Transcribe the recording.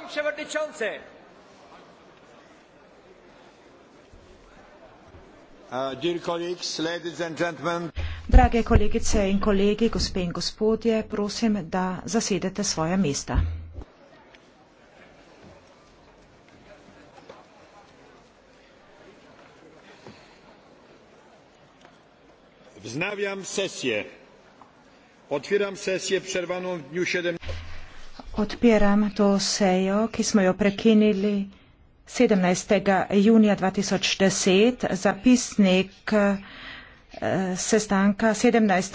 Pan Przewodniczący! Uh, Drage kolegice in kolegi, gospe in gospodje, prosim, da zasedete svoje mesta. Vznavljam sesijo. Otviram sesijo, prerivano v dnevu 17. Odpiram to sejo, ki smo jo prekinili 17. junija 2010, zapisnik eh, sestanka 17.